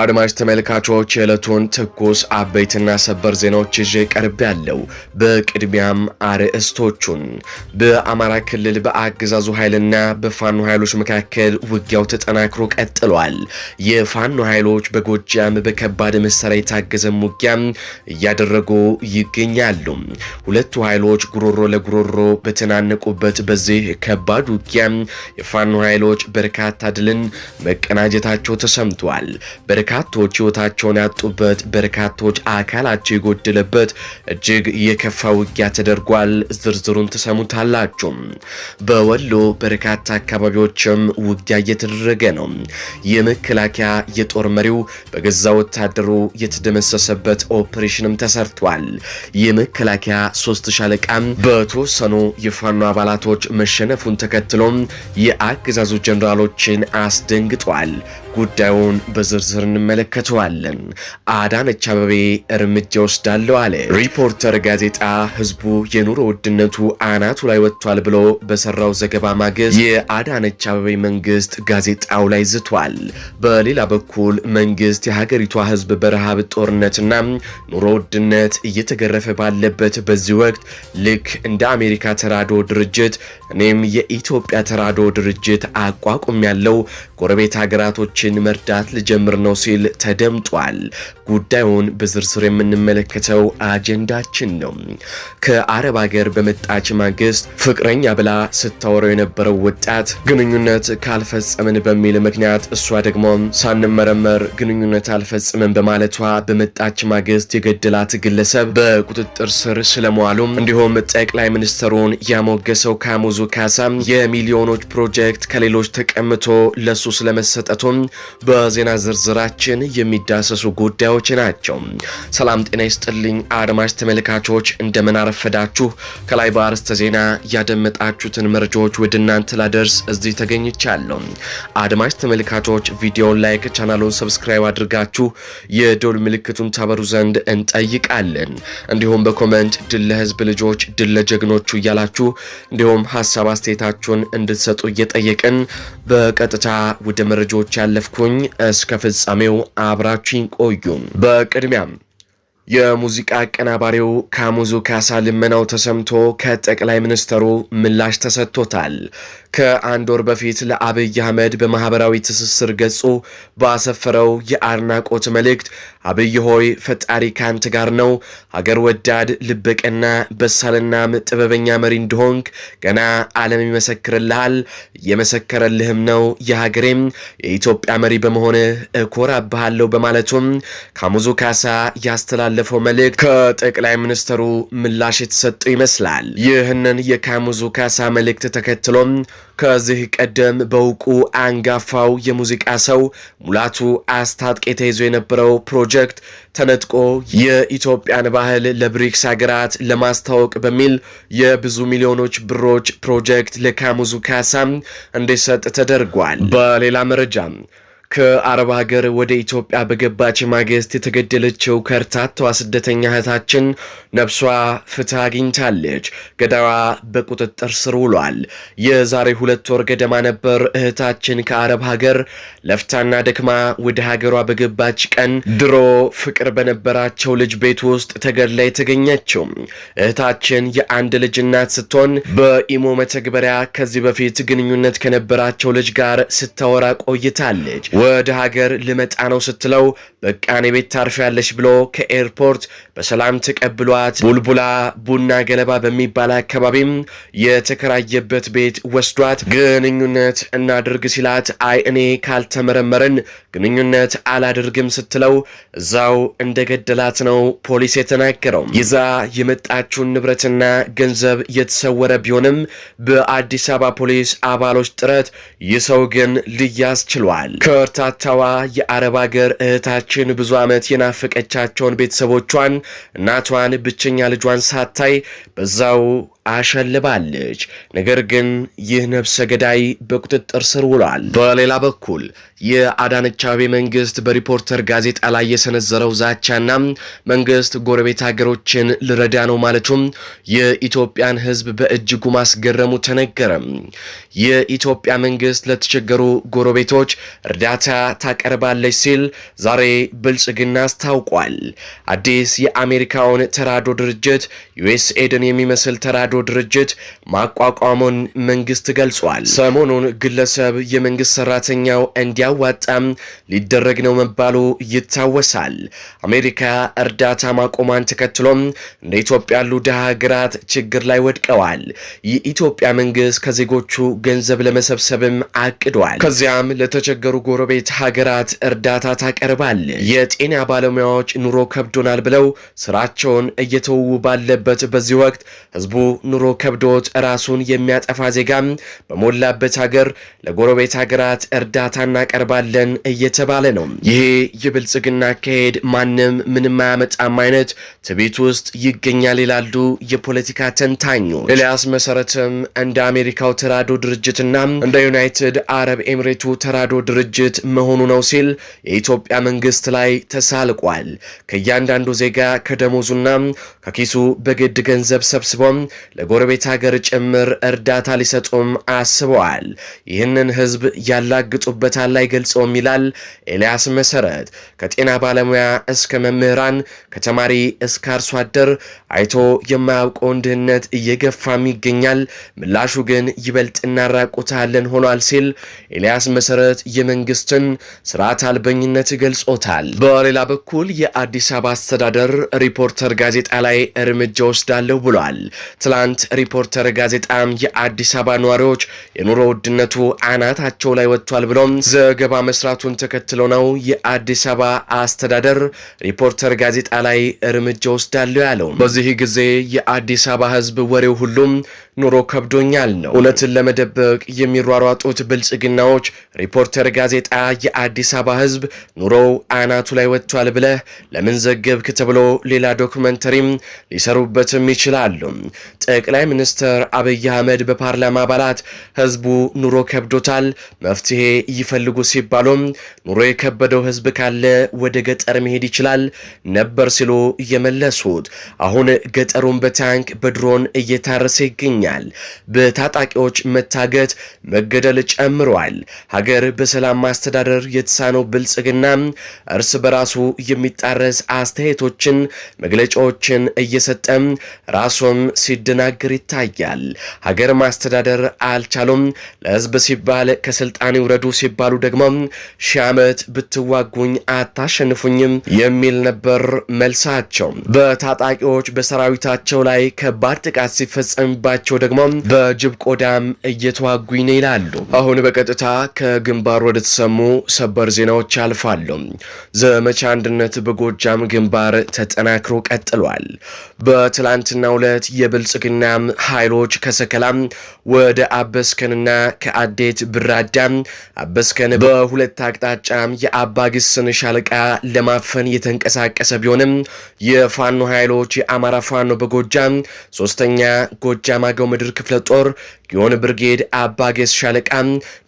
አድማጭ ተመልካቾች የዕለቱን ትኩስ አበይትና ሰበር ዜናዎች ይዤ ቀርብ ያለው። በቅድሚያም አርዕስቶቹን በአማራ ክልል በአገዛዙ ኃይልና በፋኖ ኃይሎች መካከል ውጊያው ተጠናክሮ ቀጥሏል። የፋኖ ኃይሎች በጎጃም በከባድ መሳሪያ የታገዘም ውጊያም እያደረጉ ይገኛሉ። ሁለቱ ኃይሎች ጉሮሮ ለጉሮሮ በተናነቁበት በዚህ ከባድ ውጊያ የፋኖ ኃይሎች በርካታ ድልን መቀናጀታቸው ተሰምቷል። በርካቶች ህይወታቸውን ያጡበት፣ በርካቶች አካላቸው የጎደለበት እጅግ የከፋ ውጊያ ተደርጓል። ዝርዝሩን ትሰሙታላችሁ። በወሎ በርካታ አካባቢዎችም ውጊያ እየተደረገ ነው። የመከላከያ የጦር መሪው በገዛ ወታደሩ የተደመሰሰበት ኦፕሬሽንም ተሰርቷል። የመከላከያ ሶስት ሻለቃም በተወሰኑ የፋኖ አባላቶች መሸነፉን ተከትሎም የአገዛዙ ጀኔራሎችን አስደንግጧል። ጉዳዩን በዝርዝር እንመለከተዋለን። አዳነች አበቤ እርምጃ ወስዳለሁ አለ። ሪፖርተር ጋዜጣ ህዝቡ የኑሮ ውድነቱ አናቱ ላይ ወጥቷል ብሎ በሰራው ዘገባ ማግስት የአዳነች አበቤ መንግስት ጋዜጣው ላይ ዝቷል። በሌላ በኩል መንግስት የሀገሪቷ ህዝብ በረሃብ ጦርነትና ኑሮ ውድነት እየተገረፈ ባለበት በዚህ ወቅት ልክ እንደ አሜሪካ ተራዶ ድርጅት እኔም የኢትዮጵያ ተራዶ ድርጅት አቋቁም ያለው ጎረቤት ሀገራቶች ሰዎችን መርዳት ልጀምር ነው ሲል ተደምጧል። ጉዳዩን በዝርዝር የምንመለከተው አጀንዳችን ነው። ከአረብ ሀገር በመጣች ማግስት ፍቅረኛ ብላ ስታወረው የነበረው ወጣት ግንኙነት ካልፈጸምን በሚል ምክንያት እሷ ደግሞ ሳንመረመር ግንኙነት አልፈጽምን በማለቷ በመጣች ማግስት የገደላት ግለሰብ በቁጥጥር ስር ስለመዋሉም እንዲሁም ጠቅላይ ሚኒስትሩን ያሞገሰው ካሙዙ ካሳም የሚሊዮኖች ፕሮጀክት ከሌሎች ተቀምጦ ለሱ ስለመሰጠቱም በዜና ዝርዝራችን የሚዳሰሱ ጉዳዮች ናቸው። ሰላም ጤና ይስጥልኝ አድማጭ ተመልካቾች፣ እንደምን አረፈዳችሁ። ከላይ በአርዕስተ ዜና ያደመጣችሁትን መረጃዎች ወደ እናንተ ላደርስ እዚህ ተገኝቻለሁ። አድማጭ ተመልካቾች ቪዲዮን ላይክ፣ ቻናሉን ሰብስክራይብ አድርጋችሁ የዶል ምልክቱን ታበሩ ዘንድ እንጠይቃለን። እንዲሁም በኮመንት ድል ለህዝብ ልጆች ድል ለጀግኖቹ እያላችሁ እንዲሁም ሀሳብ አስተያየታችሁን እንድትሰጡ እየጠየቅን በቀጥታ ወደ መረጃዎች ያለፈ እየተደገፍኩኝ እስከ ፍጻሜው አብራችኝ ቆዩ። በቅድሚያም የሙዚቃ አቀናባሪው ካሙዙ ካሳ ልመናው ተሰምቶ ከጠቅላይ ሚኒስትሩ ምላሽ ተሰጥቶታል። ከአንድ ወር በፊት ለአብይ አህመድ በማህበራዊ ትስስር ገጹ ባሰፈረው የአድናቆት መልእክት አብይ ሆይ ፈጣሪ ካንተ ጋር ነው፣ ሀገር ወዳድ ልበቀና በሳልናም ጥበበኛ መሪ እንደሆንክ ገና ዓለም ይመሰክርልሃል፣ እየመሰከረልህም ነው። የሀገሬም የኢትዮጵያ መሪ በመሆንህ እኮራብሃለሁ በማለቱም ካሙዙ ካሳ ያስተላለፈው መልእክት ከጠቅላይ ሚኒስትሩ ምላሽ የተሰጠው ይመስላል። ይህንን የካሙዙ ካሳ መልእክት ተከትሎም ከዚህ ቀደም በውቁ አንጋፋው የሙዚቃ ሰው ሙላቱ አስታጥቄ ተይዞ የነበረው ፕሮጀክት ተነጥቆ የኢትዮጵያን ባህል ለብሪክስ ሀገራት ለማስታወቅ በሚል የብዙ ሚሊዮኖች ብሮች ፕሮጀክት ለካሙዙ ካሳም እንዲሰጥ ተደርጓል። በሌላ መረጃ ከአረብ ሀገር ወደ ኢትዮጵያ በገባች ማግስት የተገደለችው ከርታታዋ ስደተኛ እህታችን ነፍሷ ፍትህ አግኝታለች። ገዳዋ በቁጥጥር ስር ውሏል። የዛሬ ሁለት ወር ገደማ ነበር እህታችን ከአረብ ሀገር ለፍታና ደክማ ወደ ሀገሯ በገባች ቀን ድሮ ፍቅር በነበራቸው ልጅ ቤት ውስጥ ተገድላ የተገኘችው። እህታችን የአንድ ልጅ እናት ስትሆን በኢሞ መተግበሪያ ከዚህ በፊት ግንኙነት ከነበራቸው ልጅ ጋር ስታወራ ቆይታለች። ወደ ሀገር ልመጣ ነው ስትለው በቃኔ ቤት ታርፊያለሽ ብሎ ከኤርፖርት በሰላም ተቀብሏት ቡልቡላ ቡና ገለባ በሚባል አካባቢም የተከራየበት ቤት ወስዷት ግንኙነት እናድርግ ሲላት አይ እኔ ካልተመረመርን ግንኙነት አላድርግም ስትለው እዛው እንደገደላት ነው ፖሊስ የተናገረው። ይዛ የመጣችውን ንብረትና ገንዘብ የተሰወረ ቢሆንም በአዲስ አበባ ፖሊስ አባሎች ጥረት ይህ ሰው ግን ልያዝ ችሏል። በርታታዋ የአረብ አገር እህታችን ብዙ ዓመት የናፈቀቻቸውን ቤተሰቦቿን እናቷን ብቸኛ ልጇን ሳታይ በዛው አሸልባለች። ነገር ግን ይህ ነፍሰ ገዳይ በቁጥጥር ስር ውሏል። በሌላ በኩል የአዳነች አቤ መንግስት በሪፖርተር ጋዜጣ ላይ የሰነዘረው ዛቻና መንግስት ጎረቤት ሀገሮችን ልረዳ ነው ማለቱም የኢትዮጵያን ሕዝብ በእጅጉ ማስገረሙ ተነገረ። የኢትዮጵያ መንግስት ለተቸገሩ ጎረቤቶች እርዳታ ታቀርባለች ሲል ዛሬ ብልጽግና አስታውቋል። አዲስ የአሜሪካውን ተራዶ ድርጅት ዩኤስኤድን የሚመስል ተራዶ ድርጅት ማቋቋሙን መንግስት ገልጿል። ሰሞኑን ግለሰብ የመንግስት ሰራተኛው እንዲያዋጣም ሊደረግ ነው መባሉ ይታወሳል። አሜሪካ እርዳታ ማቆሟን ተከትሎም እንደ ኢትዮጵያ ያሉ ድሃ ሀገራት ችግር ላይ ወድቀዋል። የኢትዮጵያ መንግስት ከዜጎቹ ገንዘብ ለመሰብሰብም አቅዷል። ከዚያም ለተቸገሩ ጎረቤት ሀገራት እርዳታ ታቀርባለች። የጤና ባለሙያዎች ኑሮ ከብዶናል ብለው ስራቸውን እየተወው ባለበት በዚህ ወቅት ህዝቡ ኑሮ ከብዶት ራሱን የሚያጠፋ ዜጋ በሞላበት ሀገር ለጎረቤት ሀገራት እርዳታ እናቀርባለን እየተባለ ነው። ይሄ የብልጽግና አካሄድ ማንም ምንም አያመጣም አይነት ትቢት ውስጥ ይገኛል ይላሉ የፖለቲካ ተንታኙ። ኤልያስ መሰረትም እንደ አሜሪካው ተራዶ ድርጅትና እንደ ዩናይትድ አረብ ኤምሬቱ ተራዶ ድርጅት መሆኑ ነው ሲል የኢትዮጵያ መንግስት ላይ ተሳልቋል። ከእያንዳንዱ ዜጋ ከደሞዙና ከኪሱ በግድ ገንዘብ ሰብስቦም ለጎረቤት ሀገር ጭምር እርዳታ ሊሰጡም አስበዋል። ይህንን ህዝብ ያላግጡበታል አይገልጸውም ይላል ኤልያስ መሰረት። ከጤና ባለሙያ እስከ መምህራን፣ ከተማሪ እስከ አርሶ አደር አይቶ የማያውቀውን ድህነት እየገፋም ይገኛል። ምላሹ ግን ይበልጥ እናራቁታለን ሆኗል ሲል ኤልያስ መሰረት የመንግስትን ስርዓት አልበኝነት ገልጾታል። በሌላ በኩል የአዲስ አበባ አስተዳደር ሪፖርተር ጋዜጣ ላይ እርምጃ ወስዳለሁ ብሏል። ትላንት ትናንት ሪፖርተር ጋዜጣም የአዲስ አበባ ነዋሪዎች የኑሮ ውድነቱ አናታቸው ላይ ወጥቷል ብሎም ዘገባ መስራቱን ተከትሎ ነው የአዲስ አበባ አስተዳደር ሪፖርተር ጋዜጣ ላይ እርምጃ ወስዳለሁ ያለው። በዚህ ጊዜ የአዲስ አበባ ህዝብ ወሬው ሁሉም ኑሮ ከብዶኛል ነው። እውነትን ለመደበቅ የሚሯሯጡት ብልጽግናዎች ሪፖርተር ጋዜጣ የአዲስ አበባ ህዝብ ኑሮው አናቱ ላይ ወጥቷል ብለህ ለምን ዘገብክ ተብሎ ሌላ ዶክመንተሪም ሊሰሩበትም ይችላሉ። ጠቅላይ ሚኒስትር አብይ አህመድ በፓርላማ አባላት ህዝቡ ኑሮ ከብዶታል መፍትሄ ይፈልጉ ሲባሉም ኑሮ የከበደው ህዝብ ካለ ወደ ገጠር መሄድ ይችላል ነበር ሲሉ የመለሱት አሁን ገጠሩን በታንክ በድሮን እየታረሰ ይገኛል። ይገኛል። በታጣቂዎች መታገት፣ መገደል ጨምሯል። ሀገር በሰላም ማስተዳደር የተሳነው ብልጽግና እርስ በራሱ የሚጣረስ አስተያየቶችን፣ መግለጫዎችን እየሰጠም ራሱም ሲደናግር ይታያል። ሀገር ማስተዳደር አልቻሉም፣ ለህዝብ ሲባል ከስልጣን ይውረዱ ሲባሉ ደግሞ ሺህ ዓመት ብትዋጉኝ አታሸንፉኝም የሚል ነበር መልሳቸው። በታጣቂዎች በሰራዊታቸው ላይ ከባድ ጥቃት ሲፈጸምባቸው ራሳቸው ደግሞ በጅብ ቆዳም እየተዋጉኝ ነው ይላሉ። አሁን በቀጥታ ከግንባር ወደ ተሰሙ ሰበር ዜናዎች አልፋሉ። ዘመቻ አንድነት በጎጃም ግንባር ተጠናክሮ ቀጥሏል። በትላንትናው ዕለት የብልጽግና ኃይሎች ከሰከላም ወደ አበስከንና ከአዴት ብራዳም አበስከን በሁለት አቅጣጫም የአባግስን ሻለቃ ለማፈን የተንቀሳቀሰ ቢሆንም የፋኖ ኃይሎች የአማራ ፋኖ በጎጃም ሶስተኛ ጎጃም አገው የአገው ምድር ክፍለ ጦር ጊዮን ብርጌድ አባጌስ ሻለቃ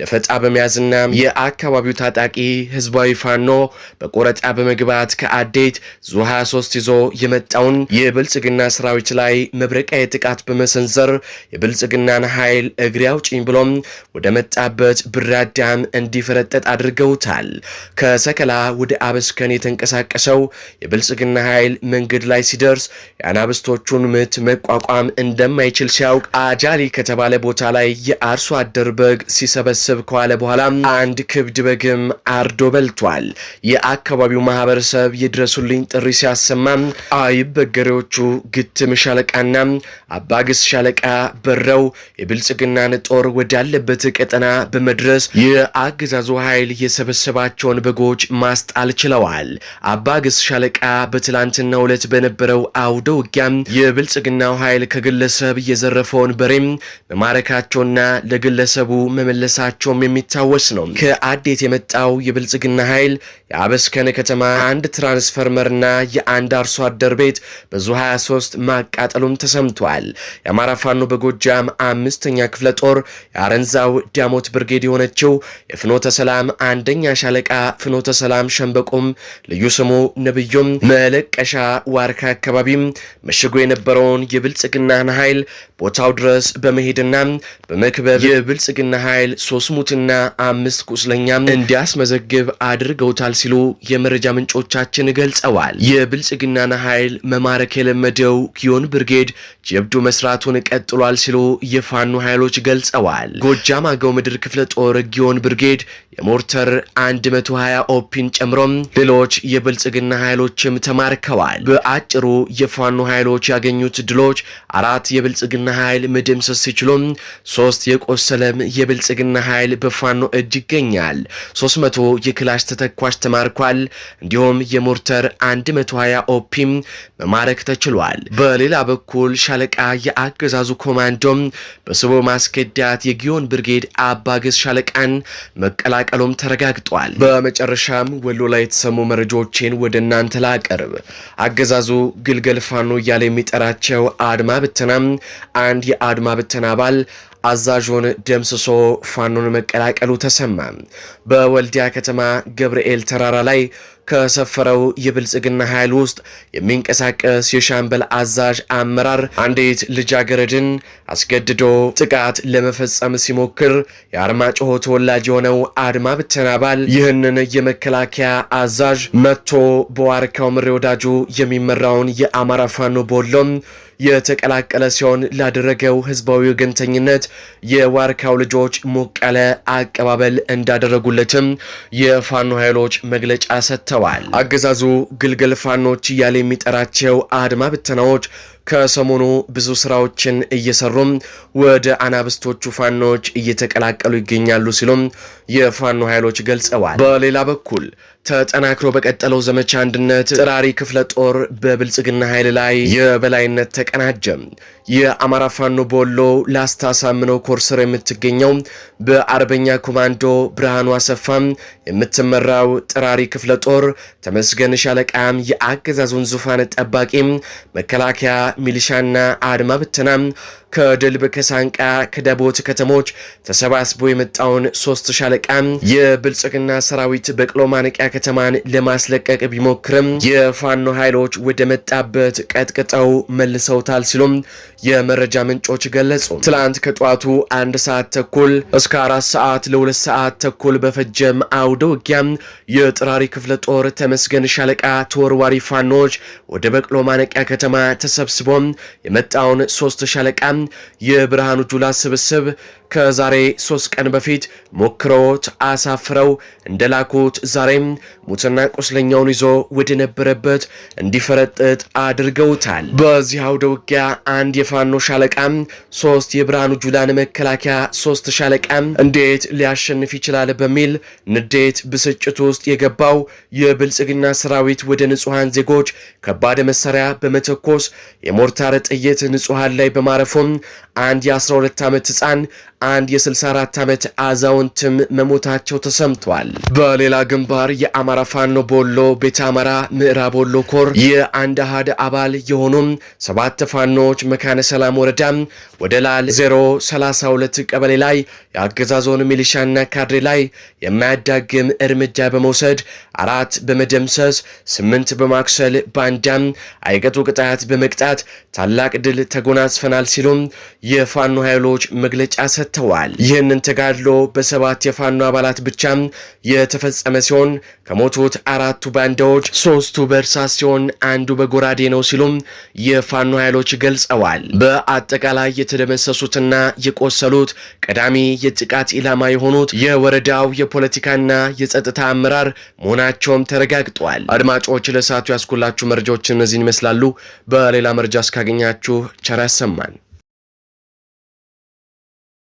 ደፈጣ በመያዝና የአካባቢው ታጣቂ ህዝባዊ ፋኖ በቆረጣ በመግባት ከአዴት ዙ 23 ይዞ የመጣውን የብልጽግና ሰራዊት ላይ መብረቂያ ጥቃት በመሰንዘር የብልጽግናን ኃይል እግሬ አውጪኝ ብሎም ወደ መጣበት ብራዳም እንዲፈረጠጥ አድርገውታል። ከሰከላ ወደ አበስከን የተንቀሳቀሰው የብልጽግና ኃይል መንገድ ላይ ሲደርስ የአናብስቶቹን ምት መቋቋም እንደማይችል ሲያ ሲያውቅ አጃሊ ከተባለ ቦታ ላይ የአርሶ አደር በግ ሲሰበስብ ከዋለ በኋላ አንድ ክብድ በግም አርዶ በልቷል። የአካባቢው ማህበረሰብ የድረሱልኝ ጥሪ ሲያሰማ አይበገሬዎቹ ግትም ሻለቃና አባግስ ሻለቃ በረው የብልጽግናን ጦር ወዳለበት ቀጠና በመድረስ የአገዛዙ ኃይል የሰበሰባቸውን በጎች ማስጣል ችለዋል። አባግስ ሻለቃ በትላንትናው ዕለት በነበረው አውደ ውጊያም የብልጽግናው ኃይል ከግለሰብ የዘረፈ ያለፈውን በሬም መማረካቸውና ለግለሰቡ መመለሳቸውም የሚታወስ ነው። ከአዴት የመጣው የብልጽግና ኃይል የአበስከነ ከተማ አንድ ትራንስፈርመርና የአንድ አርሶ አደር ቤት በዙ 23 ማቃጠሉም ተሰምቷል። የአማራ ፋኖ በጎጃም አምስተኛ ክፍለ ጦር የአረንዛው ዳሞት ብርጌድ የሆነችው የፍኖተ ሰላም አንደኛ ሻለቃ ፍኖተ ሰላም ሸንበቆም ልዩ ስሙ ነብዮም መለቀሻ ዋርካ አካባቢም መሽጎ የነበረውን የብልጽግናን ኃይል ቦታ ቦታው ድረስ በመሄድና በመክበብ የብልጽግና ኃይል ሶስት ሙትና አምስት ቁስለኛ እንዲያስመዘግብ አድርገውታል ሲሉ የመረጃ ምንጮቻችን ገልጸዋል። የብልጽግናን ኃይል መማረክ የለመደው ኪዮን ብርጌድ ጀብዱ መስራቱን ቀጥሏል ሲሉ የፋኖ ኃይሎች ገልጸዋል። ጎጃም አገው ምድር ክፍለ ጦር ጊዮን ብርጌድ የሞርተር 120 ኦፒን ጨምሮም ሌሎች የብልጽግና ኃይሎችም ተማርከዋል። በአጭሩ የፋኖ ኃይሎች ያገኙት ድሎች አራት የብልጽግና ኃይል መደምሰስ ሲችሉም ሶስት የቆሰለም የብልጽግና ኃይል በፋኖ እጅ ይገኛል። 300 የክላሽ ተተኳሽ ተማርኳል። እንዲሁም የሞርተር 120 ኦፒም መማረክ ተችሏል። በሌላ በኩል ሻለቃ የአገዛዙ ኮማንዶም በስቦ ማስከዳት የጊዮን ብርጌድ አባገዝ ሻለቃን መቀላቀሉም ተረጋግጧል። በመጨረሻም ወሎ ላይ የተሰሙ መረጃዎችን ወደ እናንተ ላቀርብ። አገዛዙ ግልገል ፋኖ እያለ የሚጠራቸው አድማ ብተናም አንድ የአድማ ብተና አባል አዛዡን ደምስሶ ፋኖን መቀላቀሉ ተሰማ። በወልዲያ ከተማ ገብርኤል ተራራ ላይ ከሰፈረው የብልጽግና ኃይል ውስጥ የሚንቀሳቀስ የሻምበል አዛዥ አመራር አንዲት ልጃገረድን አስገድዶ ጥቃት ለመፈጸም ሲሞክር የአርማጭሆ ተወላጅ የሆነው አድማ ብተና ይህንን የመከላከያ አዛዥ መጥቶ በዋርካው ምሬ ወዳጁ የሚመራውን የአማራ ፋኖ ቦሎም የተቀላቀለ ሲሆን ላደረገው ህዝባዊ ወገንተኝነት የዋርካው ልጆች ሞቅ ያለ አቀባበል እንዳደረጉለትም የፋኖ ኃይሎች መግለጫ ሰጥተዋል። አገዛዙ ግልገል ፋኖች እያለ የሚጠራቸው አድማ ብተናዎች ከሰሞኑ ብዙ ስራዎችን እየሰሩም ወደ አናብስቶቹ ፋኖዎች እየተቀላቀሉ ይገኛሉ ሲሉም የፋኖ ኃይሎች ገልጸዋል። በሌላ በኩል ተጠናክሮ በቀጠለው ዘመቻ አንድነት ጥራሪ ክፍለ ጦር በብልጽግና ኃይል ላይ የበላይነት ተቀናጀ። የአማራ ፋኖ በወሎ ላስታ ሳምነው ኮርሰር የምትገኘው በአርበኛ ኮማንዶ ብርሃኑ አሰፋም የምትመራው ጥራሪ ክፍለ ጦር ተመስገን ሻለቃም የአገዛዙን ዙፋን ጠባቂም መከላከያ ሚሊሻና አድማ ብተና ከድልብ ከሳንቃ ከዳቦት ከተሞች ተሰባስቦ የመጣውን ሶስት ሻለቃ የብልጽግና ሰራዊት በቅሎ ማነቂያ ከተማን ለማስለቀቅ ቢሞክርም የፋኖ ኃይሎች ወደ መጣበት ቀጥቅጠው መልሰውታል ሲሉም የመረጃ ምንጮች ገለጹ። ትላንት ከጠዋቱ አንድ ሰዓት ተኩል እስከ አራት ሰዓት ለሁለት ሰዓት ተኩል በፈጀም አውደ ውጊያም የጥራሪ ክፍለ ጦር ተመስገን ሻለቃ ተወርዋሪ ፋኖች ወደ በቅሎ ማነቂያ ከተማ ተሰብስበ ተሰብስቦ የመጣውን ሶስት ሻለቃ የብርሃኑ ጁላ ስብስብ ከዛሬ ሶስት ቀን በፊት ሞክረውት አሳፍረው እንደላኩት ዛሬም ሙትና ቁስለኛውን ይዞ ወደ ነበረበት እንዲፈረጥጥ አድርገውታል። በዚህ አውደ ውጊያ አንድ የፋኖ ሻለቃም ሶስት የብርሃኑ ጁላን መከላከያ ሶስት ሻለቃም እንዴት ሊያሸንፍ ይችላል በሚል ንዴት ብስጭት ውስጥ የገባው የብልጽግና ሰራዊት ወደ ንጹሐን ዜጎች ከባድ መሳሪያ በመተኮስ የሞርታር ጥይት ንጹሐን ላይ በማረፉም አንድ የ12 ዓመት ህፃን ። አንድ የ64 ዓመት አዛውንትም መሞታቸው ተሰምቷል። በሌላ ግንባር የአማራ ፋኖ ቦሎ ቤተ አማራ ምዕራብ ወሎ ኮር የአንድ አሃድ አባል የሆኑም ሰባት ፋኖዎች መካነ ሰላም ወረዳም ወደ ላል 032 ቀበሌ ላይ የአገዛዞን ሚሊሻና ካድሬ ላይ የማያዳግም እርምጃ በመውሰድ አራት በመደምሰስ ስምንት በማክሰል ባንዳም አይቀጡ ቅጣት በመቅጣት ታላቅ ድል ተጎናጽፈናል ሲሉም የፋኖ ኃይሎች መግለጫ ሰጥተዋል። ይህንን ተጋድሎ በሰባት የፋኖ አባላት ብቻም የተፈጸመ ሲሆን ከሞቱት አራቱ ባንዳዎች ሶስቱ በእርሳስ ሲሆን አንዱ በጎራዴ ነው ሲሉም የፋኖ ኃይሎች ገልጸዋል። በአጠቃላይ የተደመሰሱትና የቆሰሉት ቀዳሚ የጥቃት ኢላማ የሆኑት የወረዳው የፖለቲካና የጸጥታ አመራር መሆናቸውም ተረጋግጧል። አድማጮች ለሰዓቱ ያስኩላችሁ መረጃዎች እነዚህን ይመስላሉ። በሌላ መረጃ እስካ ካገኛችሁ ቸር ያሰማን።